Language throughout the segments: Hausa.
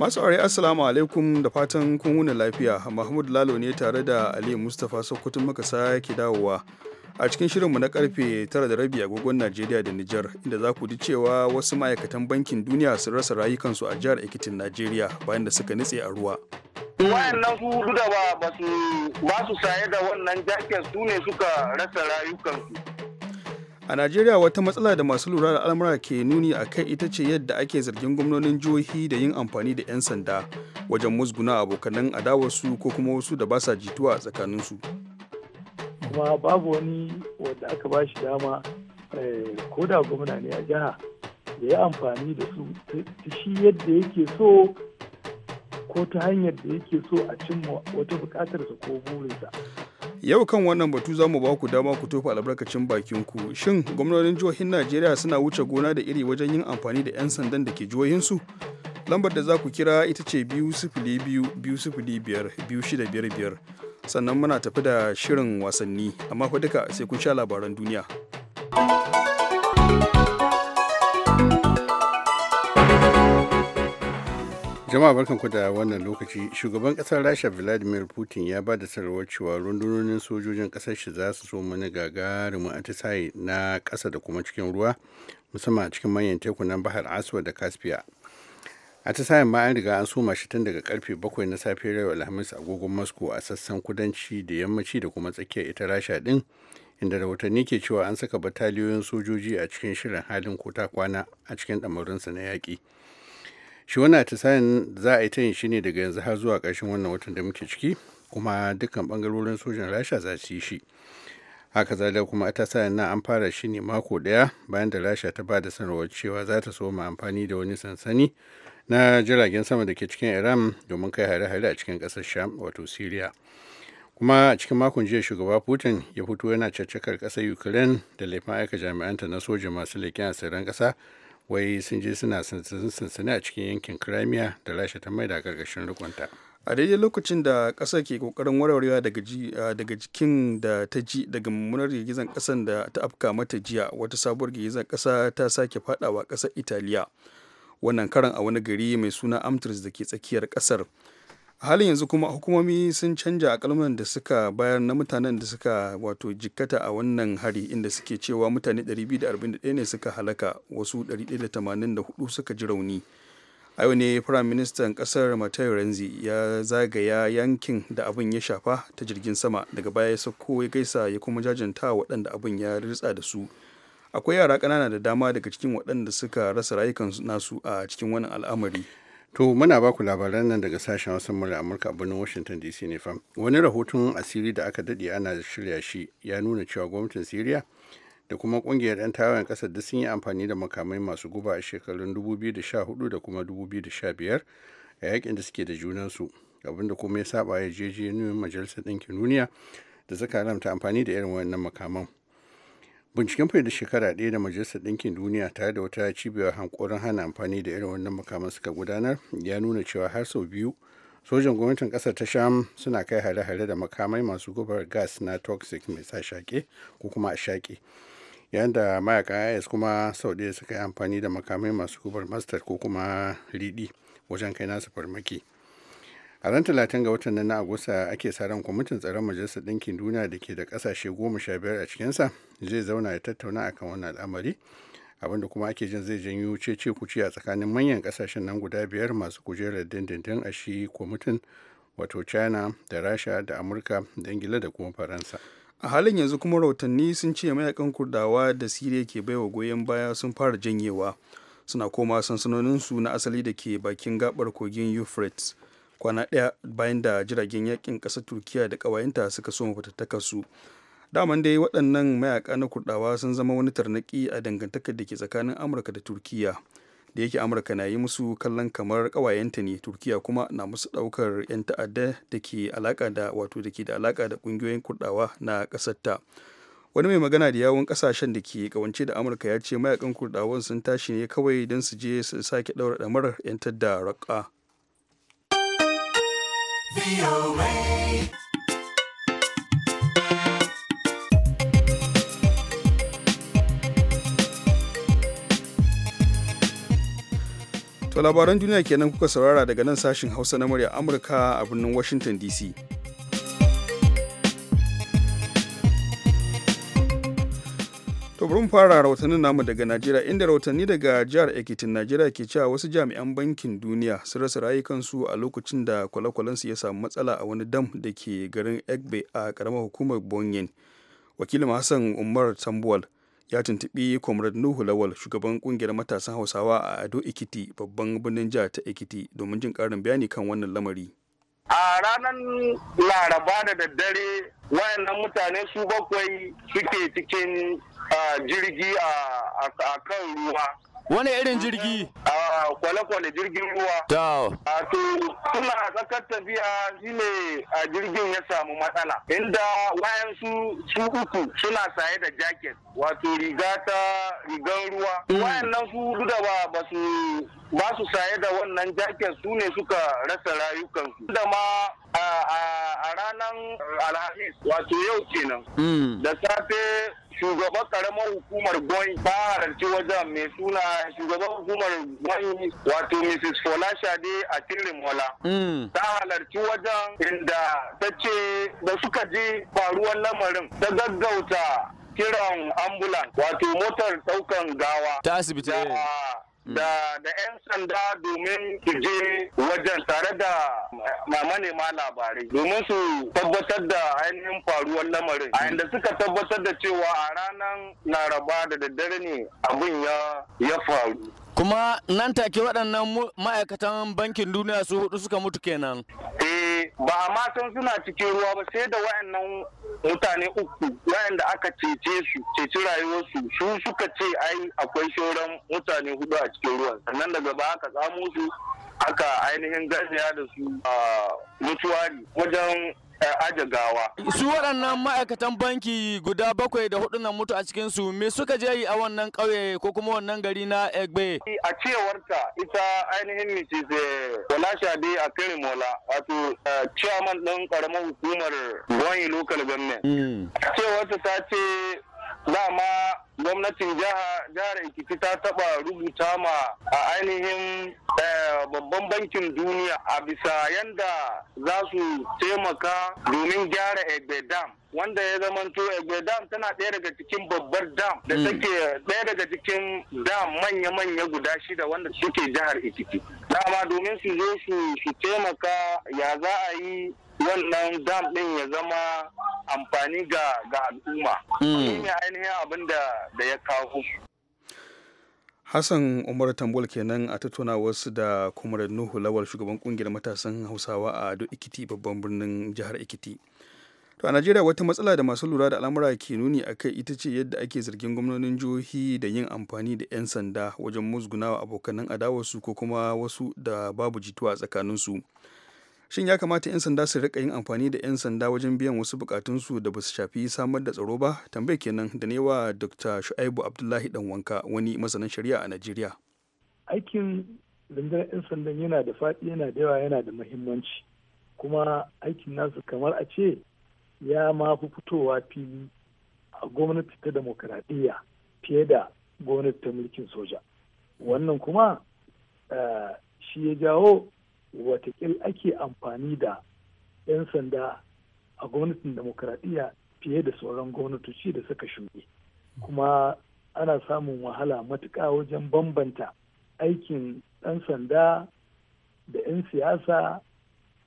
Masu aure assalamu alaikum da fatan kun lafiya. Mahmud Lalo ne tare da Ali Mustapha Sokoto makasa sake dawowa. A cikin shirinmu na karfe tara da rabi agogon Najeriya da Nijar inda za ku ji cewa wasu ma'aikatan bankin duniya sun rasa rayukansu a jihar Ekitin Najeriya bayan da suka nitse a ruwa. wayannan su da ba su saye da wannan jakin su ne suka rasa rayukansu. a najeriya wata matsala da masu lura da al'amura ke nuni a kai ita ce yadda ake zargin gwamnonin jihohi da yin amfani da 'yan sanda wajen musguna abokanan adawarsu ko kuma wasu da ba sa jituwa a tsakaninsu kuma babu wani wanda aka ba shi dama eh, ko da gwamna ne a jiha da ya amfani da su ta shi yadda yake so ko ta hanyar da yake so a cimma wata bukatarsa ko burinsa Yau kan wannan batu zamu mu ba ku dama ku tofa albarkacin bakin ku. Shin gwamnonin jihohin Najeriya suna wuce gona da iri wajen yin amfani da 'yan sandan da ke jihohinsu? Lambar da za ku kira ita ce biyu sifili biyu biyu sifili biyar biyu shida biyar Sannan muna tafi da shirin wasanni, amma fa duka sai kun sha labaran duniya. jama'a barkanku da wannan lokaci shugaban kasar rasha vladimir putin ya ba da sanarwar cewa rundunonin sojojin kasar shi za su so mani gagarumin atisaye na kasa da kuma cikin ruwa musamman a cikin manyan teku na bahar aswa da caspia atisayen ma an riga an soma shi tun daga karfe bakwai na safiyar yau alhamis agogon moscow a sassan kudanci da yammaci da kuma tsakiyar ita rasha din inda rahotanni ke cewa an saka bataliyoyin sojoji a cikin shirin halin kota kwana a cikin damarinsa na yaki. shi wannan atisayen za a yi ta yin shi ne daga yanzu har zuwa ƙarshen wannan watan da muke ciki kuma dukkan bangarorin sojan rasha za su yi shi haka zalika kuma atisayen na an fara shi ne mako ɗaya bayan da rasha ta ba da sanarwar cewa za ta soma amfani da wani sansani na jiragen sama da ke cikin iran domin kai hare-hare a cikin ƙasar sham wato syria kuma a cikin makon jiya shugaba putin ya fito yana caccakar ƙasar ukraine da laifin aika jami'anta na soja masu leƙen asirin ƙasa wai sun je suna sansani a cikin yankin crimea da rasha ta maida gargashin rikonta a daidai lokacin da ƙasa ke ƙoƙarin warwarewa daga jikin da ta ji daga mummunar girgizar ƙasar da ta afka mata jiya wata sabuwar girgizar ƙasa ta sake faɗawa ƙasar italiya wannan karan a wani gari mai suna amtris da ke tsakiyar ƙasar a halin yanzu kuma hukumomi sun canja akalman da suka bayar na mutanen da suka wato jikkata a wannan hari inda suke cewa mutane 241 ne suka halaka wasu 184 suka ji rauni a yau ne firayim ministan kasar matayo renzi ya zagaya yankin da abin ya shafa ta jirgin sama daga baya ya sauko ya gaisa ya kuma jajanta waɗanda abin ya ritsa da su akwai yara ƙanana da dama daga cikin waɗanda suka rasa rayukan nasu a cikin wannan al'amari To muna ba ku labaran nan daga sashen wasan murya Amurka a birnin Washington DC ne fam. Wani rahoton asiri da aka dade ana shirya shi ya nuna cewa gwamnatin Siriya da kuma kungiyar 'yan tawayen ƙasa da sun yi amfani da makamai masu guba a shekarun 2014 da kuma 2015 a yakin da suke da junansu da kuma ya saba ya jeje majalisar ɗinkin duniya da suka haramta amfani da irin wannan makaman. binciken fai da shekara ɗaya da majalisar ɗinkin duniya tare da wata cibiyar hankorin hana amfani da irin wannan makaman suka gudanar ya nuna cewa har sau biyu sojan gwamnatin ƙasar ta sham suna kai hare-hare da makamai masu gubar gas na toxic mai sa shaƙe ko kuma a shaƙe yayin da mayakan is kuma sau ɗaya suka yi amfani da makamai masu gubar mastar ko kuma riɗi wajen kai nasu farmaki a ran talatin ga watan nan na agusta ake sa ran kwamitin tsaron majalisar ɗinkin duniya da ke da ƙasashe goma sha biyar a cikinsa zai zauna ya tattauna akan wannan al'amari abinda kuma ake jin zai janyo cece kuci a tsakanin manyan ƙasashen nan guda biyar masu kujerar dindindin a shi kwamitin wato china da rasha da amurka da ingila da kuma faransa a halin yanzu kuma rahotanni sun ce mayakan kurdawa da siriya ke baiwa goyon baya sun fara janyewa suna koma sansanoninsu na asali da ke bakin gabar kogin euphrates kwana ɗaya bayan da jiragen yakin ƙasar turkiya da ƙawayenta suka so su daman dai waɗannan mayaka na kurdawa sun zama wani tarnaki a dangantakar da ke tsakanin amurka da turkiya da yake amurka na yi musu kallon kamar ƙawayenta ne turkiya kuma na musu ɗaukar 'yan ta'adda da ke alaƙa da wato da ke da alaƙa da ƙungiyoyin kurdawa na ƙasarta wani mai magana da yawon ƙasashen da ke kawance da amurka ya ce mayakan kurdawan sun tashi ne kawai don su je su sake ɗaura ɗamar 'yantar da raƙa To labaran duniya kenan kuka saurara daga nan sashin Hausa na murya Amurka a birnin Washington DC. bari fara rahotannin namu daga Najeriya inda rahotanni daga jihar Ekitin Najeriya ke cewa wasu jami'an bankin duniya sun rasa rayukansu a lokacin da kwale-kwalensu ya samu matsala a wani dam da ke garin Egbe a karamar hukumar Bonyen. Wakilin Hassan Umar Tambuwal ya tuntubi Comrade Nuhu Lawal shugaban kungiyar matasan Hausawa a Ado Ekiti babban birnin jihar ta Ekiti domin jin karin bayani kan wannan lamari. a ranar laraba da daddare wayannan mutane su bakwai suke cikin ah, jirgi a kan ruwa Wani irin jirgi? A kwale-kwale jirgin ruwa. Tau. A to suna tsakar tafiya shine a jirgin ya samu matsala. Inda wayansu su uku suna saye da jaket wato riga ta rigan ruwa. Hmm. Wayannan su duda ba ba su ba su saye da wannan jaket su ne suka rasa rayukansu. Da ma a ranar alhamis wato yau kenan. Hmm. Da safe shugaban karamar hukumar gwai ba halarci wajen mai suna shugaban hukumar gwai wato mrs Fola Shade a tirin mm. ta halarci wajen inda ta ce da suka je faruwar lamarin ta gaggauta kiran ambulan wato motar daukan gawa ta asibiti da da 'yan sanda domin su je wajen tare da manema labarai domin su tabbatar da ainihin faruwar lamarin a inda suka tabbatar da cewa a ranar laraba da daddare ne abin ya faru kuma nan take waɗannan ma'aikatan bankin duniya su hudu suka mutu kenan eh ba a ma san suna cikin ruwa ba sai da waɗannan mutane uku waɗanda aka cece su ceci rayuwarsu su suka ce ai akwai shoran mutane hudu a cikin ruwan sannan daga ba aka tsamo su aka ainihin gajiya da su a mutuwari wajen Eh, aje gawa. Su waɗannan ma'aikatan banki guda bakwai da hudu na mutu a cikin su me suka je yi a wannan ƙauye ko kuma wannan gari na Egbe? A cewarta ita ainihin Mrs. Eh, Olashade a kare Mola wato eh, chairman ɗin ƙaramar hukumar Gwanyi Local Government. Hmm. Cewarta ta ce dama gwamnatin jihar Ekiti ta taba rubuta ma a ainihin eh, babban bankin duniya a bisa yanda za su taimaka domin gyara Egbe Dam. wanda ya zamanto Egbe Dam tana daya daga cikin babbar dam da hmm. take ɗaya daga cikin dam manya-manya guda shida wanda suke jihar Ekiti. Dama domin su zo su taimaka ya za a yi wannan dam ɗin ya zama amfani ga al'umma. Hmm. Shi ne ainihin abin da ya kawo. Hassan Umar Tambol kenan a tattauna wasu da kumar Nuhu Lawal shugaban kungiyar matasan Hausawa a Ado Ikiti babban birnin jihar Ikiti. To a Najeriya wata matsala da masu lura da al'amura ke nuni a kai ita ce yadda ake zargin gwamnonin jihohi da yin amfani da 'yan sanda wajen musgunawa abokanan adawarsu ko kuma wasu da babu jituwa tsakaninsu. su. shin ya kamata 'yan sanda su rika yin amfani da 'yan sanda wajen biyan wasu bukatunsu da basu shafi samar da tsaro ba tambaye kenan da ne wa dr shu'aibu abdullahi dan wanka wani masanin shari'a a najeriya aikin rundunar 'yan sandan yana da faɗi yana da yawa yana da muhimmanci kuma aikin nasu kamar a ce ya ma fi fitowa fili a gwamnati ta demokaradiyya fiye da gwamnati ta mulkin soja wannan kuma eh, shi ya jawo watakil ake amfani da 'yan sanda a gwamnatin demokradiyya fiye da sauran gwamnatoci da suka shuɗe kuma ana samun wahala matuƙa wajen bambanta aikin ɗan sanda da 'yan siyasa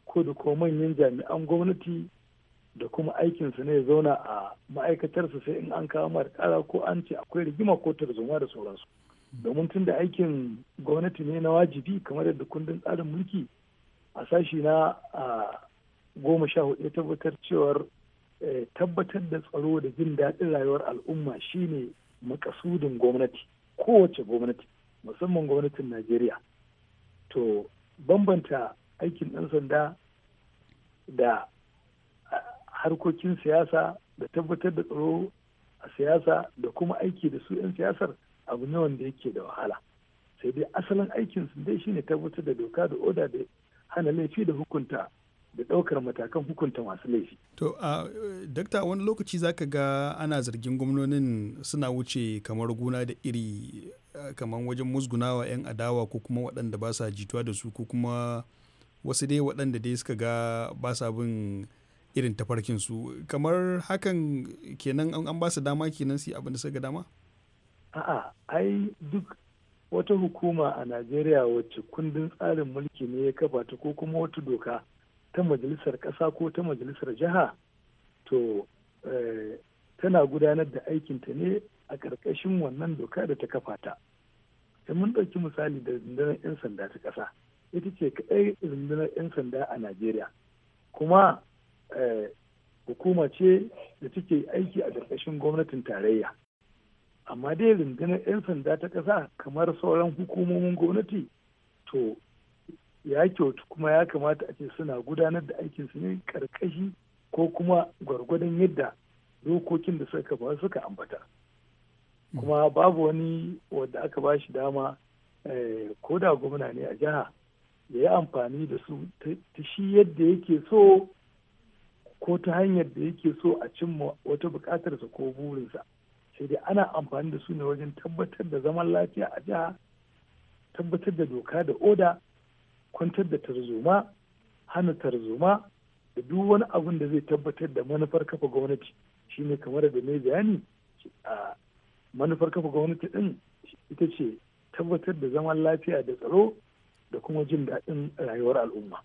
ko da ko manyan jami'an gwamnati da kuma aikinsu ne zauna a ma'aikatarsa sai in an kawo mara ko an ce akwai rigima ko tarzoma da sauransu. domin tun da aikin gwamnati ne na wajibi kamar yadda kundin tsarin mulki a sashi na goma sha hudu ya tabbatar cewar eh, tabbatar da tsaro da jin daɗin rayuwar al'umma shine makasudin gwamnati kowace gwamnati musamman gwamnatin najeriya to bambanta aikin ɗan sanda da harkokin siyasa da tabbatar da tsaro a siyasa da kuma aiki da su 'yan siyasar abu ne wanda yake da wahala sai dai asalin aikin su dai shine tabbatar da doka da oda da hana laifi da hukunta da daukar matakan hukunta masu laifi. To, a dakta wani lokaci zaka ga ana zargin gwamnonin suna wuce kamar guna da iri kamar wajen musgunawa 'yan adawa ko kuma waɗanda ba sa jituwa da su ko kuma wasu dai waɗanda dai suka ga ba sa bin irin tafarkinsu kamar hakan kenan an ba su dama kenan su yi abin da suka dama? a'a ai duk wata hukuma a najeriya wacce kundin tsarin mulki ne ya kafa ta ko kuma wata doka ta majalisar ƙasa ko ta majalisar jiha to eh, tana gudanar da aikinta ne a ƙarƙashin wannan doka da ta kafa ta sai mun ɗauki misali da rundunar 'yan sanda ta ƙasa ita ce kaɗai rundunar 'yan sanda a najeriya kuma eh, hukuma ce da take aiki a ƙarƙashin gwamnatin tarayya amma dai rundunar 'yan sanda ta ƙasa kamar sauran hukumomin gwamnati to ya kyautu kuma ya kamata a ce suna gudanar da aikin su ne karkashi ko kuma gwargwadon yadda dokokin da suka ba suka ambata kuma babu wani wadda aka ba shi dama eh, ko da gwamna ne a jiha ya yi amfani da su ta shi yadda yake so ko ta hanyar da yake so a cimma wata bukatarsa ko burinsa sai dai ana amfani da su ne wajen tabbatar da zaman lafiya a jiha tabbatar da doka da oda kwantar da tarzoma hana tarzoma da duk wani abun da zai tabbatar da manufar kafa gwamnati shine kamar da mai bayani a manufar kafa gwamnati din ita ce tabbatar da zaman lafiya da tsaro da kuma jin daɗin rayuwar al'umma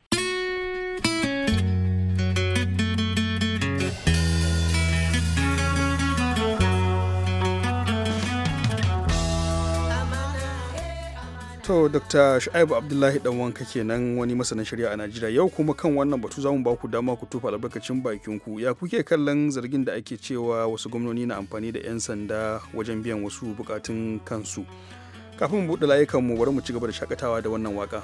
to dr shu'aibu abdullahi dan wanka kenan wani masanin shari'a a najeriya yau kuma kan wannan batu zamu ba ku dama ku tufa albarkacin bakin ku ya kuke kallon zargin da ake cewa wasu gwamnoni na amfani da 'yan sanda wajen biyan wasu bukatun kansu kafin mu buɗe layukan mu bari mu ci gaba da shakatawa da wannan waka.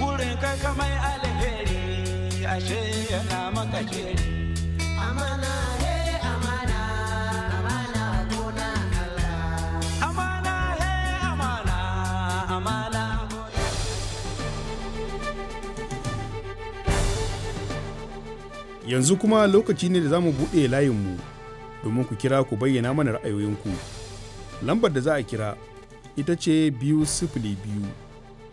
gurin kai alheri maka yanzu kuma lokaci ne da zamu buɗe layinmu domin ku kira ku bayyana mana ra'ayoyinku lambar da za a kira ita ce biyu sifili biyu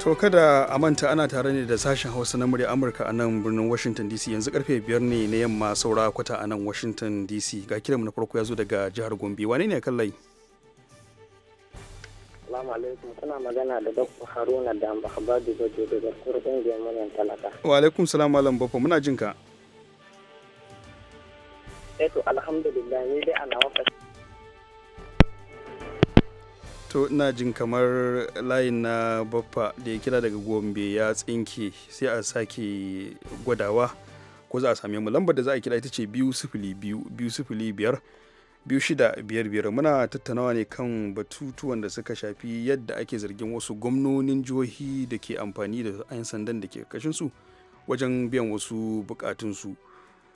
To kada a manta ana tare ne da sashen Hausa na murya Amurka a nan birnin Washington DC yanzu karfe biyar ne na yamma saura kwata a nan Washington DC ga kiran na farko ya zo daga jihar Gombe wane ne kan lai? Salamu alaikum kuna magana da Dr. Haruna da da Bajo daga kurkun Gemunan Talaka. Wa alaikum salam malam bafa muna jin ka. Eh alhamdulillah ni dai ana wakati to ina jin kamar layin na baffa da ya kira daga gombe ya tsinke sai a sake gwadawa ko za a sami mu lambar da za a kira ita ce biyu sifili biyu biyu sifili biyar biyu shida biyar biyar muna tattaunawa ne kan batutuwan da suka shafi yadda ake zargin wasu gwamnonin jihohi da ke amfani da 'yan sandan da ke su wajen biyan wasu bukatunsu. su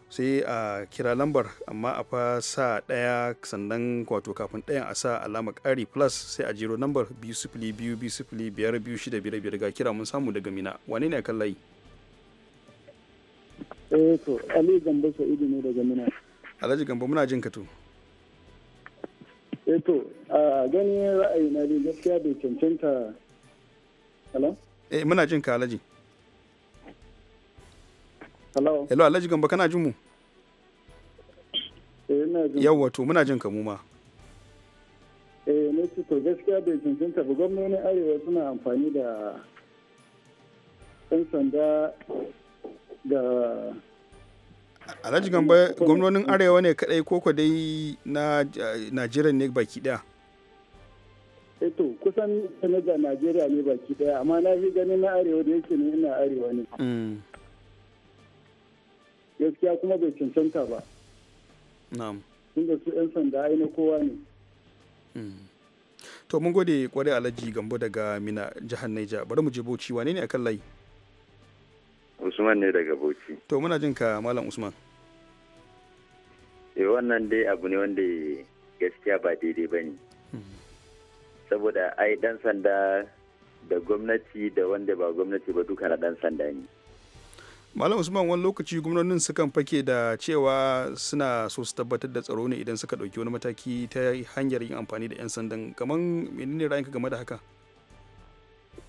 sai a kira lambar amma a fa sa ɗaya sannan wato kafin ɗayan a sa alama ƙari plus sai a jiro lambar biyu sifili biyu biyu sifili biyar biyu shida biyar biyar ga kira mun samu daga mina wane ne kan layi. eh to ali gambo sa'idu ne daga mina. alhaji gambo muna jin ka e eh to a ganin ra'ayi na gaskiya bai cancanta. alam eh muna jin ka alhaji. Hello. Hello, Alhaji Gamba kana jin mu? Eh, ina jin. Yawwa to muna jin ka mu ma. Eh, ne ce to gaskiya bai cancanta ba gwamnonin Arewa suna amfani da ɗan sanda da Alhaji Gamba gwamnonin Arewa ne kadai koko dai na Najeriya ne baki daya. Eh, to kusan sanaja najeriya ne baki daya amma na fi ganin na arewa da yake ne ina arewa ne mm. gaskiya kuma bai cancanta ba na'am tunda su 'yan sanda ai kowa ne hmm. to mun gode kwarai alhaji gambo daga mina jihar naija bari mu je bauchi wane ne akan layi usman ne daga bauchi to muna jin ka malam usman eh wannan dai abu ne wanda gaskiya ba daidai ba ne hmm. saboda ai dan sanda da gwamnati da wanda ba gwamnati ba duka na dan sanda ne malam usman wani lokaci gwamnonin sukan fake da cewa suna so su tabbatar da tsaro ne idan suka dauki wani mataki ta hanyar yin amfani da 'yan sandan kamar menene ra'ayinka game da haka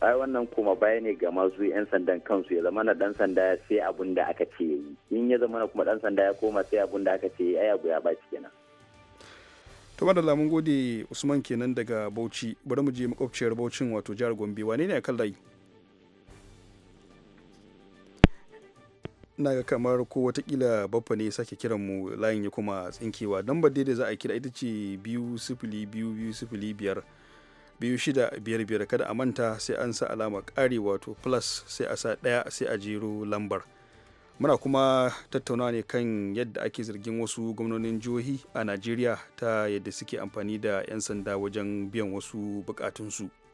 ai wannan kuma baya ne ga masu 'yan sandan kansu ya zama na dan sanda sai abun da aka ce yi in ya zama na kuma dan sanda ya koma sai abun da aka ce ai abu ya baci kenan to da lamun gode usman kenan daga bauchi bari mu je makwabciyar bauchin wato jihar gombe wane ne a kan layi na ga kamar ko watakila baffa ne sake kiran mu layin ya kuma tsinkewa lambar dai da za a kira ita ce biyu sifili biyu biyu sifili biyar biyu shida biyar biyar kada a manta sai an sa alama ƙari wato plus sai a sa ɗaya sai a jero lambar muna kuma tattaunawa ne kan yadda ake zargin wasu gwamnonin jihohi a najeriya ta yadda suke amfani da 'yan sanda wajen biyan wasu bukatunsu. su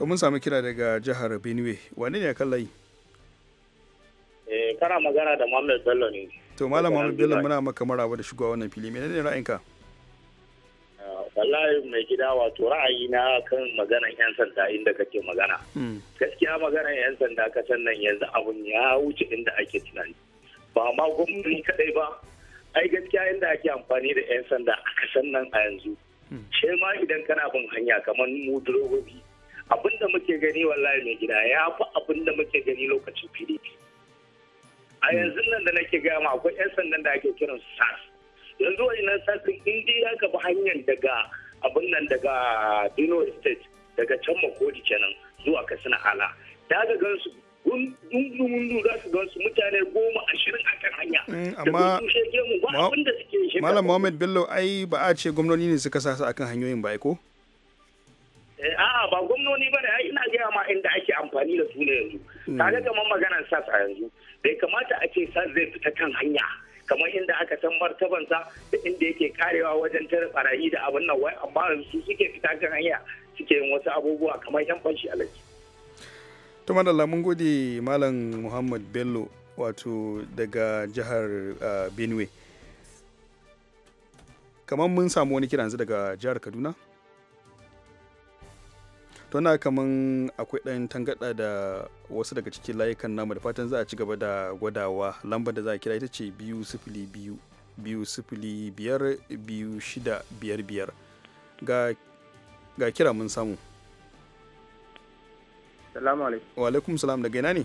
to mun samu kira daga jihar benue Wani ne kan layi eh, kana magana da Muhammad Bello ne. To Malam Muhammad Bello muna maka maraba da shigowa wannan fili. Menene ra'ayinka? Ah, wallahi mai gida wato ra'ayi na kan maganan 'yan sanda inda kake magana. Hmm. Gaskiya maganan 'yan sanda kasan nan yanzu abun ya wuce inda ake tunani. Ba ma gwamnati kadai ba. Ai gaskiya inda ake amfani da 'yan sanda a kasan nan a yanzu. Ce hmm. ma idan kana bin hanya kamar mu direbobi abin da muke gani wallahi mai gida ya fi abin da muke gani lokacin pdp a hmm. yanzu nan da nake gaya ma akwai 'yan sandan da ake kiran sars yanzu sars sasin indi ya gaba hanyar daga abin nan daga dino state daga can makodi kenan zuwa kasina ala ta ga gansu gundu-gundu za su gansu mutane goma ashirin a kan hanya hmm, amma malam mohamed bello ai ba a ce gwamnoni ne suka sa su akan hanyoyin ba ko Eh, a'a ba gwamnoni ba ne, ina gaya ma inda ake amfani da su yanzu. yanzu hmm. ga kamar maganar sas a yanzu bai kamata a ce sas zai fita kan hanya kamar inda aka san martabansa da inda yake karewa wajen tare barayi da abin nan wai amma su suke fita kan hanya suke yin wasu abubuwa kamar yan fanshi alaji to madalla mun gode malam muhammad bello wato daga jihar ah, benue kamar mun samu wani kiranzu daga jihar kaduna to na kaman akwai ɗan tangada da wasu daga cikin layukan namu da fatan za a ci gaba da gwadawa lambar da za a kira ita ce biyu sifili biyu biyu sifili biyar biyu shida biyar biyar ga kira mun samu salamu alaikum wa alaikum salam daga ina ne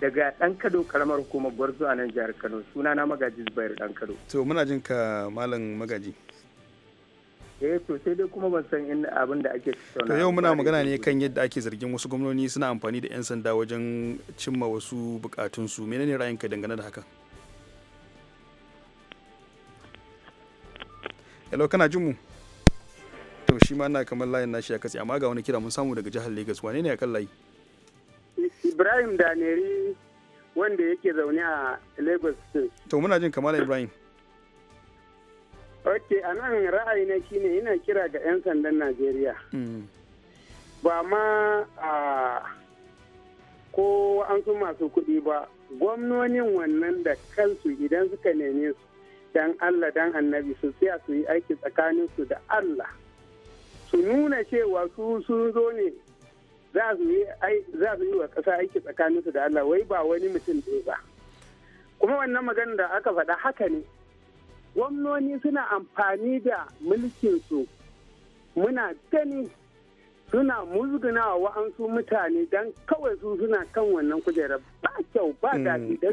daga dan kado karamar hukumar gwarzo a nan jihar kano suna na magaji zubair dan kado to muna jin ka malam magaji eh to sai dai kuma ban san in abin da ake tattauna to yau muna magana ne kan yadda ake zargin wasu gwamnoni suna amfani da 'yan sanda wajen cimma wasu bukatunsu menene ra'ayinka dangane da haka hello kana jin mu to shi ma na kamar layin nashi ya katse amma ga wani kira mun samu daga jihar Lagos wane ne akan layi Ibrahim Daneri wanda yake zaune a Lagos to muna jin kamar Ibrahim ok a nan ra'ayi na shine ina kira ga 'yan sandan najeriya mm. ba ma a ko an su masu kuɗi ba gwamnonin wannan da kansu idan suka neme su dan allah dan annabi su tsaya su yi aiki tsakanin su da allah su nuna cewa su sun zo ne za su yi wa ƙasa aiki tsakanin su da allah wai ba wani mutum ɗaya ba kuma wannan magana da aka faɗa haka ne gwamnoni suna amfani da mulkinsu muna gani suna musguna wa wa'ansu mutane don kawai su suna kan wannan kujerar ba kyau ba hmm. daɗi don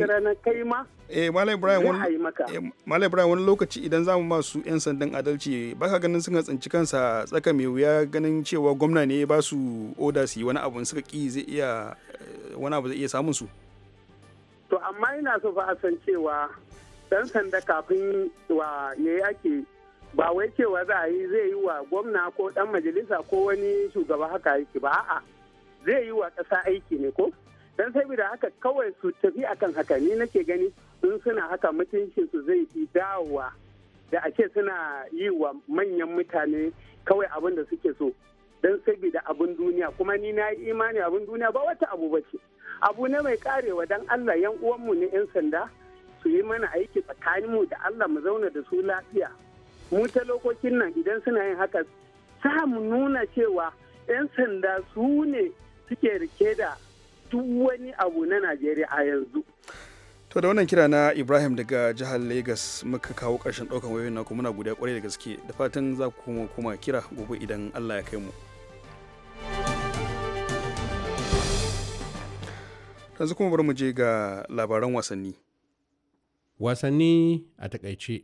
da wata kai ma eh malai ibrahim wani maka eh, malai ibrahim wani lokaci idan zamu ma su yan sandan adalci baka ganin suka tsinci kansa tsaka mai wuya ganin cewa gwamna ne ba su oda su yi wani abu suka ki zai iya eh, wani abu zai iya samun su to amma ina so fa a san cewa dan sanda kafin wa ya yi ake ba wai cewa za a yi zai yi wa gwamna ko dan majalisa ko wani shugaba haka yake ba a'a zai yi wa ƙasa aiki ne ko dan saboda haka kawai su tafi akan haka ni nake gani in suna haka mutuncin su zai fi dawowa da ake suna yi wa manyan mutane kawai abin da suke so don saboda abin duniya kuma ni na yi imani abin duniya ba wata abu ba ce abu ne mai karewa dan allah yan uwanmu ne yan sanda su yi mana aiki tsakaninmu da Allah mu zauna da su lafiya. Mu ta lokacin nan idan suna yin haka sa mu nuna cewa 'yan sanda su ne suke rike da duk wani abu na Najeriya a yanzu. To da wannan kira na Ibrahim daga jihar Lagos muka kawo ƙarshen ɗaukan wayoyin naku muna godiya kwarai da gaske da fatan za ku kuma kuma kira gobe idan Allah ya kai mu. Yanzu kuma bari mu je ga labaran wasanni. wasanni a takaice.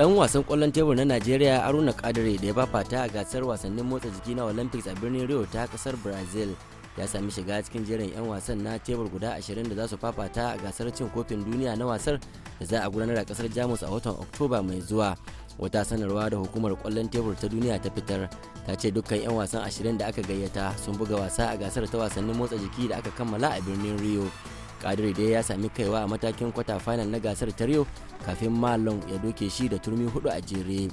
dan wasan kwallon tebur na najeriya aruna kadire da ya fafata a gasar wasannin motsa jiki na olympics a birnin rio ta kasar brazil ya sami shiga cikin jerin 'yan wasan na tebur guda ashirin da za su fafata a gasar cin kofin duniya na wasar da za a gudanar a kasar jamus a watan oktoba mai zuwa wata sanarwa da hukumar kwallon tebur ta duniya ta fitar ta ce dukkan 'yan wasan ashirin da aka gayyata sun buga wasa a gasar ta wasannin motsa jiki da aka kammala a birnin rio kadir dai ya sami kaiwa a matakin kwata final na gasar ta rio kafin malon ya doke shi da turmi hudu a jere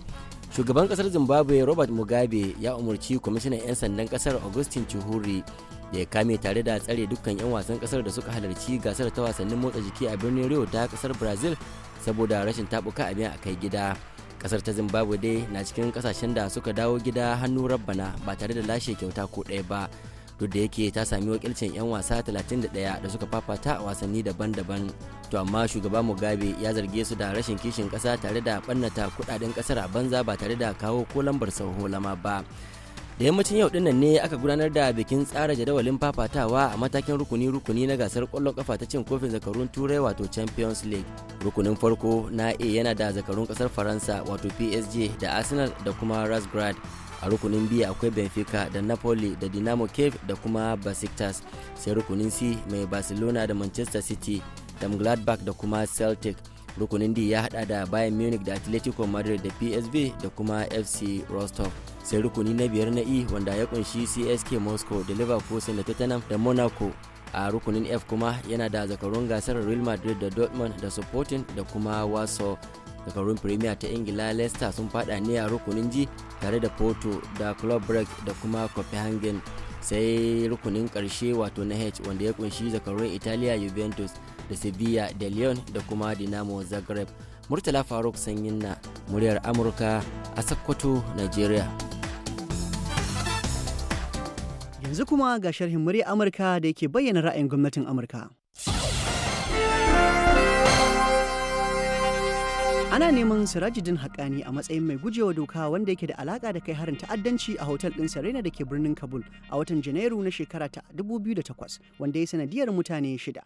shugaban kasar zimbabwe robert mugabe ya umarci kwamishinan 'yan sandan kasar augustin chihuri da ya kame tare da tsare dukkan 'yan wasan kasar da suka halarci gasar ta wasannin motsa jiki a birnin rio ta kasar brazil saboda rashin tabuka abin a kai gida kasar ta zimbabwe dai na cikin kasashen da suka dawo gida hannu rabbana ba tare da lashe kyauta ko ɗaya ba duk da yake ta sami wakilcin 'yan wasa 31 da suka fafata a wasanni daban-daban to amma shugaba mugabe ya zarge su da rashin kishin kasa tare da ɓannata kudaden kasar a banza ba tare da kawo ko lambar sauho lama ba da yammacin yau dinnan ne aka gudanar da bikin tsara jadawalin fafatawa a matakin rukuni-rukuni na gasar kwallon kafa ta cin kofin zakarun turai wato champions league rukunin farko na a yana da zakarun kasar faransa wato psg da arsenal da kuma rasgrad a rukunin biyu akwai benfica da napoli da dinamo cave da kuma basictas sai rukunin c mai barcelona da manchester city da gladbach da kuma celtic rukunin d ya hada da bayern munich da atletico madrid da psv da kuma fc rostov sai rukuni na biyar na e wanda ya kunshi csk moscow da liverpool da tottenham da monaco a rukunin f kuma yana da zakarun gasar real madrid da dortmund da sporting da kuma waso zakarun premier ta ingila leicester sun fada ne a rukunin g tare da porto da club break da kuma copenhagen sai rukunin karshe wato na h wanda ya kunshi zakarun Italia juventus da sevilla da lyon da kuma dinamo zagreb murtala faruk sanyin na muryar amurka a sakkwato nigeria Yanzu kuma ga sharhin murya Amurka da yake bayyana ra'ayin gwamnatin Amurka. Ana neman Sirajidin Haƙani a matsayin mai gujewa doka wanda yake da alaƙa da kai harin ta'addanci a hotel ɗin Serena da ke birnin Kabul a watan Janairu na shekara ta 2008 wanda ya sanadiyar mutane shida.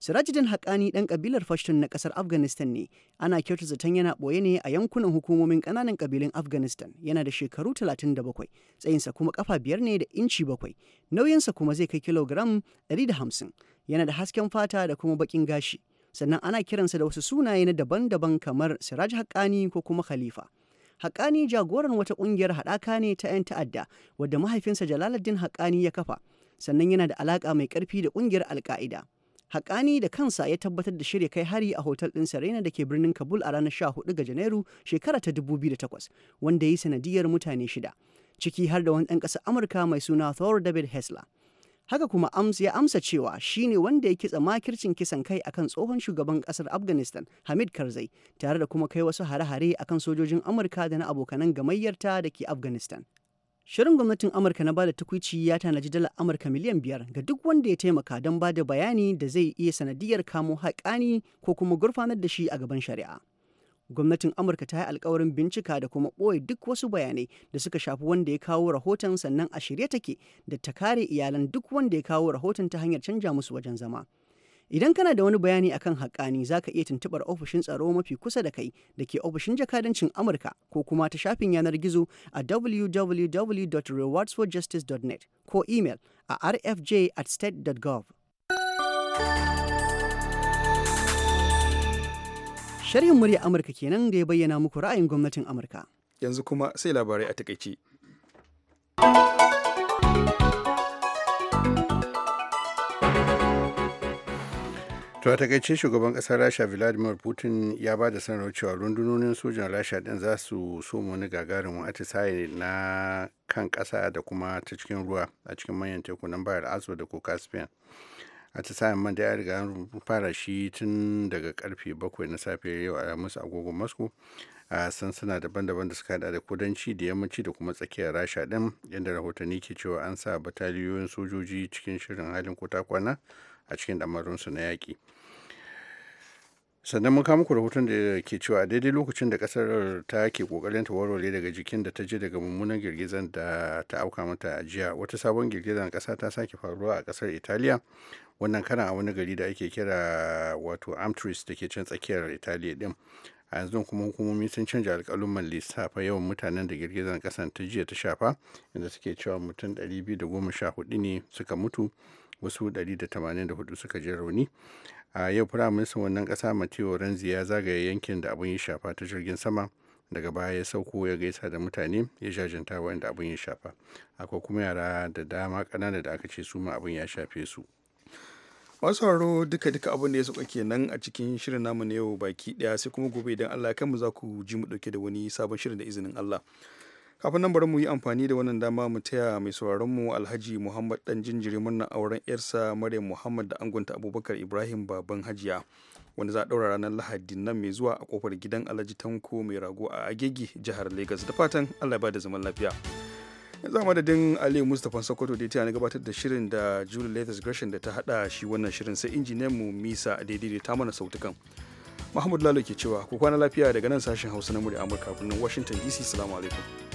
Sirajidin Haƙani ɗan ƙabilar Fashtun na ƙasar Afghanistan ne, ana kyautu zaton yana ɓoye ne a yankunan hukumomin ƙananan ƙabilun Afghanistan, yana da shekaru 37, tsayinsa kuma ƙafa biyar ne da inci bakwai, nauyinsa kuma zai kai kilogram 150, yana da hasken fata da kuma baƙin gashi. Sannan ana kiransa da wasu sunaye na daban-daban kamar Siraj Haƙani ko kuma Khalifa. Haƙani jagoran wata ƙungiyar haɗaka ne ta 'yan ta'adda wadda mahaifinsa Jalaluddin Haƙani ya kafa, sannan yana da alaƙa mai ƙarfi da ƙungiyar Alƙa'ida. Haƙani da kansa ya tabbatar da shirya kai hari a hotel ɗin Serena da ke birnin Kabul a ranar 14 ga Janairu shekara ta 2008 wanda ya yi sanadiyar mutane shida, ciki har da wani ɗan ƙasar Amurka mai suna Thor David Hessler. Haka kuma Ams ya amsa cewa shi ne wanda ya kitsa makircin kisan kai akan tsohon shugaban ƙasar Afghanistan Hamid Karzai tare da kuma kai wasu hare-hare akan sojojin Amurka da na abokanan gamayyarta da ke Afghanistan. Shirin gwamnatin Amurka na bada tukuici ya tanaji dala Amurka miliyan biyar ga duk wanda ya taimaka don bada bayani da zai iya sanadiyar kamo haƙani ko kuma gurfanar da shi a gaban shari'a. Gwamnatin Amurka ta yi alkawarin bincika da kuma ɓoye duk wasu bayanai da suka shafi wanda ya kawo rahoton sannan a shirye take da ta kare iyalan duk wanda ya kawo rahoton ta hanyar canja musu wajen zama. Idan kana da wani bayani akan haƙani za ka iya tuntuɓar ofishin tsaro mafi kusa da kai da ke ofishin jakadancin Amurka ko kuma ta shafin yanar gizo a www.rewardsforjustice.net ko email a rfj@state.gov. at Sharhin murya Amurka kenan da ya bayyana muku ra'ayin gwamnatin Amurka. Yanzu kuma sai labarai a takaice. to ta gaice shugaban kasar rasha vladimir putin ya ba da sanarwar cewa rundunonin sojan rasha din za su so wani gagarumin atisaye na kan kasa da kuma ta cikin ruwa a cikin manyan teku nan bayar azo da ko caspian atisayen man da ya riga fara shi tun daga karfe bakwai na safe yau a musu agogon moscow a sansana daban-daban da suka hada da kudanci da yammaci da kuma tsakiyar rasha din inda rahotanni ke cewa an sa bataliyoyin sojoji cikin shirin halin kota kwana a cikin ɗamarinsu na yaƙi sannan mun kama rahoton da ke cewa daidai lokacin da kasar ta ke kokarin ta warware daga jikin da ta je daga mummunan girgizan da ta auka mata a jiya wata sabon girgizan kasa ta sake faruwa a kasar italiya wannan karan a wani gari da ake kira wato amtris da ke can tsakiyar italiya din a yanzu kuma hukumomi sun canja alkaluman lissafa yawan mutanen da girgizan kasan ta jiya ta shafa inda suke cewa mutum biyu da goma sha hudu ne suka mutu wasu 184 suka ji rauni a yau firaministan wannan kasa mateo renzi ya zagaye yankin da abin ya shafa ta jirgin sama daga baya ya sauko ya gaisa da mutane ya jajanta wanda abin ya shafa akwai kuma yara da dama kanana da aka ce su ma abin ya shafe su masu horo duka duka abin da ya sauka kenan a cikin shirin namu na yau baki daya sai kuma gobe idan allah kanmu za ku ji mu dauke da wani sabon shirin da izinin allah kafin nan bari mu yi amfani da wannan dama mu taya mai sauraron mu alhaji muhammad dan jinjiri murna auren yarsa maryam muhammad da angonta abubakar ibrahim baban hajiya wanda za a ɗaura ranar lahadi nan mai zuwa a kofar gidan alhaji tanko mai rago a agege jihar lagos da fatan allah ba da zaman lafiya yanzu a madadin ali mustapha sokoto da ta na gabatar da shirin da julie lathis gresham da ta hada shi wannan shirin sai injiniyan mu misa a daidai da ta mana sautukan mahmud lalo ke cewa ku kwana lafiya daga nan sashen hausa na murya amurka birnin washington dc salamu alaikum